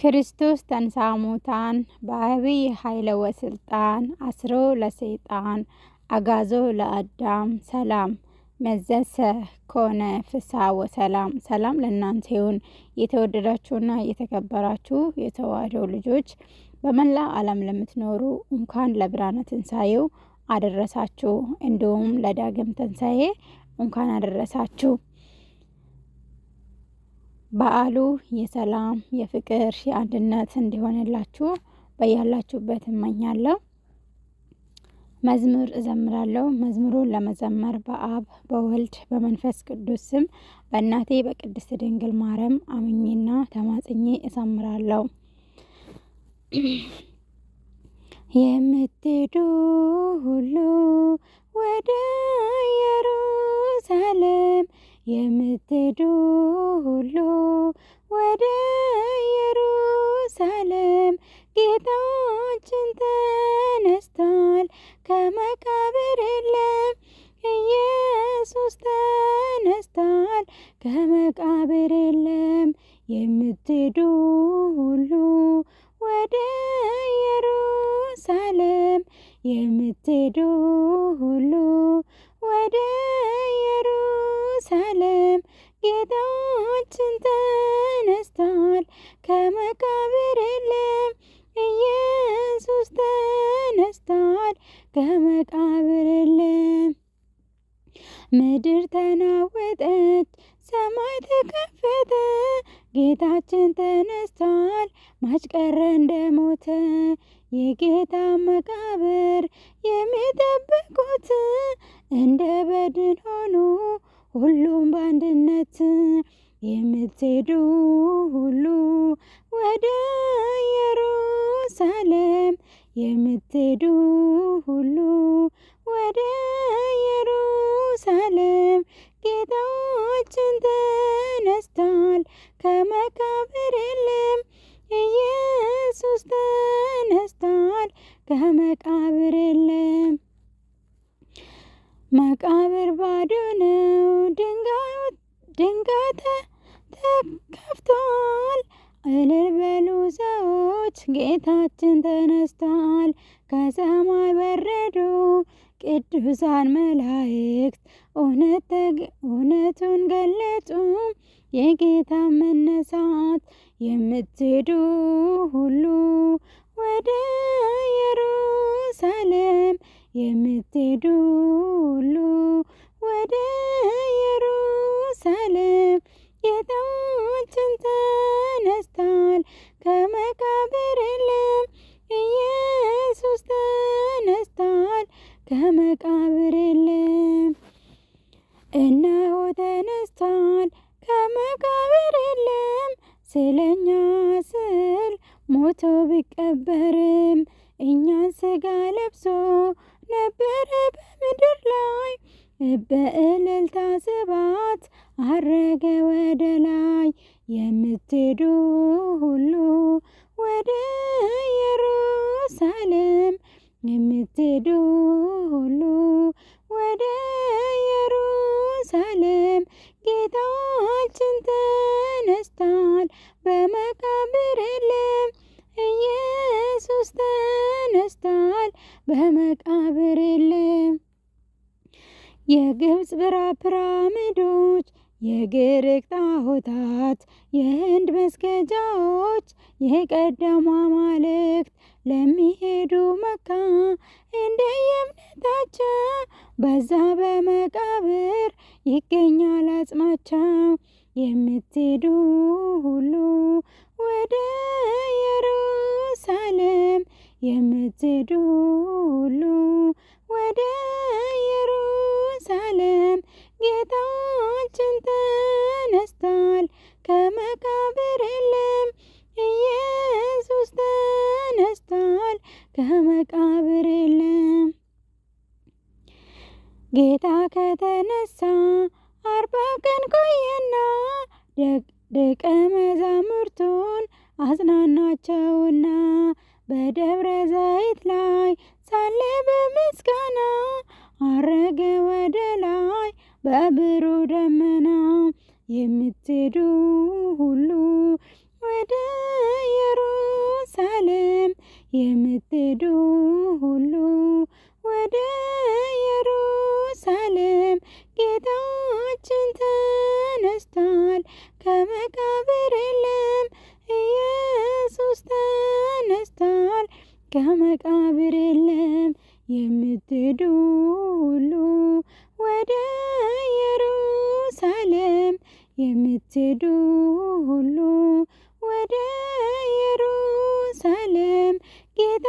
ክርስቶስ ተንሳ ሙታን በዐቢይ ኃይል አስሮ ለሰይጣን አጋዞ ለአዳም ሰላም መዘሰ ኮነ ፍሳ ወሰላም። ሰላም ለእናንተ ይሁን የተወደዳችሁና የተከበራችሁ የተዋደው ልጆች በመላ ዓለም ለምትኖሩ እንኳን ለብርሃነ ትንሳኤው አደረሳችሁ። እንዲሁም ለዳግም ትንሣኤ እንኳን አደረሳችሁ። በዓሉ የሰላም የፍቅር የአንድነት እንዲሆንላችሁ በያላችሁበት እመኛለሁ። መዝሙር እዘምራለሁ። መዝሙሩን ለመዘመር በአብ በወልድ በመንፈስ ቅዱስ ስም በእናቴ በቅድስት ድንግል ማርያም አምኜና ተማጽኜ እዘምራለሁ። የምትሄዱ ሁሉ የምትሄዱ ሁሉ ወደ ኢየሩሳሌም ጌታችን ተነስቷል፣ ከመቃብር የለም። ኢየሱስ ተነስቷል፣ ከመቃብር የለም። የምትሄዱ ሁሉ ወደ ኢየሩሳሌም የምትሄዱ ሁሉ ወደ ሰለም ጌታችን ተነስቷል፣ ከመቃብር የለም። ኢየሱስ ተነስቷል፣ ከመቃብር የለም። ምድር ተናወጠች፣ ሰማይ ተከፈተ። ጌታችን ተነስቷል፣ ማጭቀረ እንደሞተ የጌታ መቃብር የሚጠብቁት እንደ በድን ሆኑ። ሁሉም በአንድነት የምትሄዱ ሁሉ ወደ ኢየሩሳሌም የምትሄዱ ሁሉ ወደ ኢየሩሳሌም ጌታ ከፍቷል። እልል በሉ ሰዎች ጌታችን ተነስቷል። ከሰማይ በረዱ ቅዱሳን መላእክት እውነቱን ገለጹ። የጌታ መነሳት የምትሄዱ ሁሉ ወደ ኢየሩሳሌም የምትሄዱ ሁሉ ወደ ኢየሩሳሌም ጌታችን ተነስቷል ከመቃብር የለም፣ ኢየሱስ ተነስቷል ከመቃብር የለም። እነሆ ተነስቷል ከመቃብር የለም፣ ስለኛ ስል ሞቶ ቢቀበርም እኛን ስጋ ለብሶ ነበረ በምድር ላይ በእልልታ ስባት አረገ ወደ ላይ የምትሄዱ ሁሉ ወደ ኢየሩሳሌም የምትሄዱ ሁሉ ወደ ኢየሩሳሌም ጌታችን ተነስቷል፣ በመቃብር የለም። ኢየሱስ ተነስቷል፣ በመቃብር የለም። የግብፅ ብራ ፕራሚዶች፣ የግሪክ የህንድ መስገጃዎች፣ የቀደሙ አማልክት ለሚሄዱ መካ እንደ የእምነታቸው በዛ በመቃብር ይገኛል አጽማቸው። የምትሄዱ ሁሉ ወደ ኢየሩሳሌም የምትሄዱ ሁሉ ወደ ጌታ ከተነሳ አርባ ቀን ቆየና ደቀ መዛሙርቱን አጽናናቸውና በደብረ ዘይት ላይ ሳለ በምስጋና አረገ ወደ ላይ በብሩ ደመና። የምትሄዱ ሁሉ ወደ ኢየሩሳሌም የምትሄዱ ሁሉ ወደ ኢየሩሳሌም ጌታችን ተነስቷል፣ ከመቃብር የለም። ኢየሱስ ተነስቷል፣ ከመቃብር የለም። የምትሄዱ ሁሉ ወደ ኢየሩሳሌም፣ የምትሄዱ ሁሉ ወደ ኢየሩሳሌም ጌታ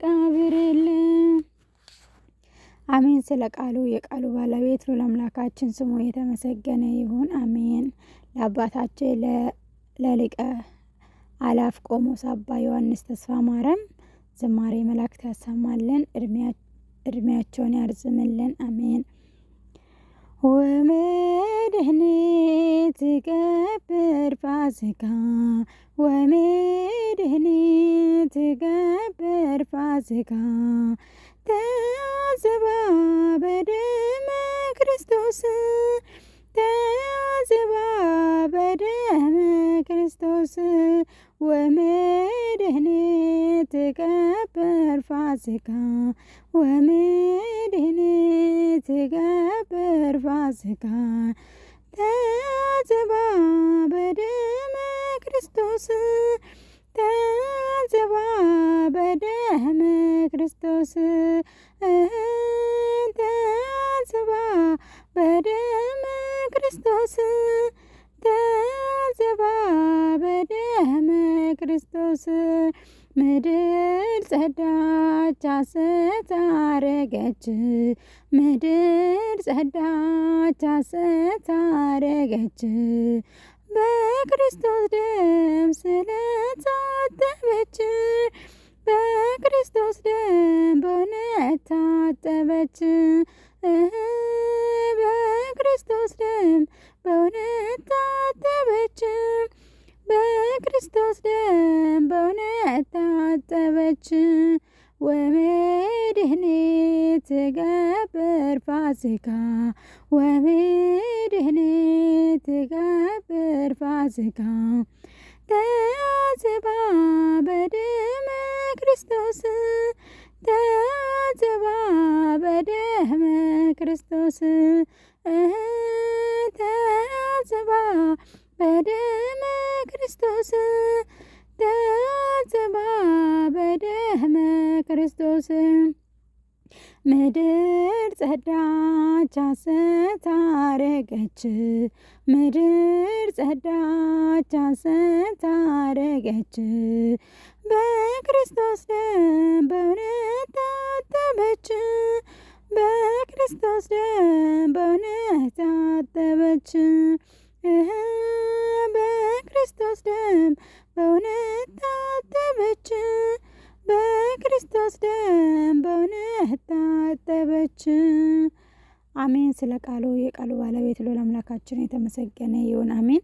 መቃብር የለም። አሜን። ስለ ቃሉ የቃሉ ባለቤት ሉል አምላካችን ስሙ የተመሰገነ ይሁን። አሜን። ለአባታችን ለሊቀ አላፍ ቆሞስ አባ ዮሐንስ ተስፋ ማረም ዝማሬ መላእክት ያሰማልን፣ እድሜያቸውን ያርዝምልን። አሜን። ወመድህኔት ትገብር ፋሲካ ወመድህኔት ትገብር ፋሲካ ተያዘባ በደመ ክርስቶስ ተያዘባ በደመ ክርስቶስ ወመድህኔት ትገብር ትገብር ፋሲካ ወምድኅኒ ትገብር ፋሲካ ተዘባ በደመ ክርስቶስ ተዘባ በደመ ክርስቶስ ተዘባ በደመ ክርስቶስ ተዘባ በደመ ክርስቶስ ምድር ጸዳች ሐሰት አረገች፣ ምድር ጸዳች ሐሰት አረገች። በክርስቶስ ደም ስለታጠበች፣ በክርስቶስ ደም በእውነት ታጠበች። በክርስቶስ ደም በእውነት ታጠበች። በክርስቶስ ደም በእውነት ታጠበች ወሜድህኔ ትገብር ፋሲካ ወሜድህኔ ትገብር ፋሲካ ተአዝባ በደመ ክርስቶስ ተአዝባ በደመ ክርስቶስ ክርስቶስ ምድር ጸዳች፣ ሐሰት ምድር ጸዳች፣ ሐሰት አረገች። በክርስቶስ ደም በእውነት ታጠበች። በክርስቶስ ደም በእውነት ታጠበች። በክርስቶስ ደም በእውነት ታጠበች። ልትወስደን በእውነት ታጠበች። አሜን። ስለ ቃሉ የቃሉ ባለቤት ሎል አምላካችን የተመሰገነ ይሁን። አሜን።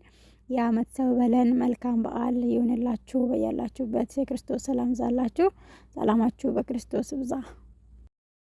የአመት ሰው በለን። መልካም በዓል ይሁንላችሁ። በያላችሁበት የክርስቶስ ሰላም ዛላችሁ። ሰላማችሁ በክርስቶስ ብዛ።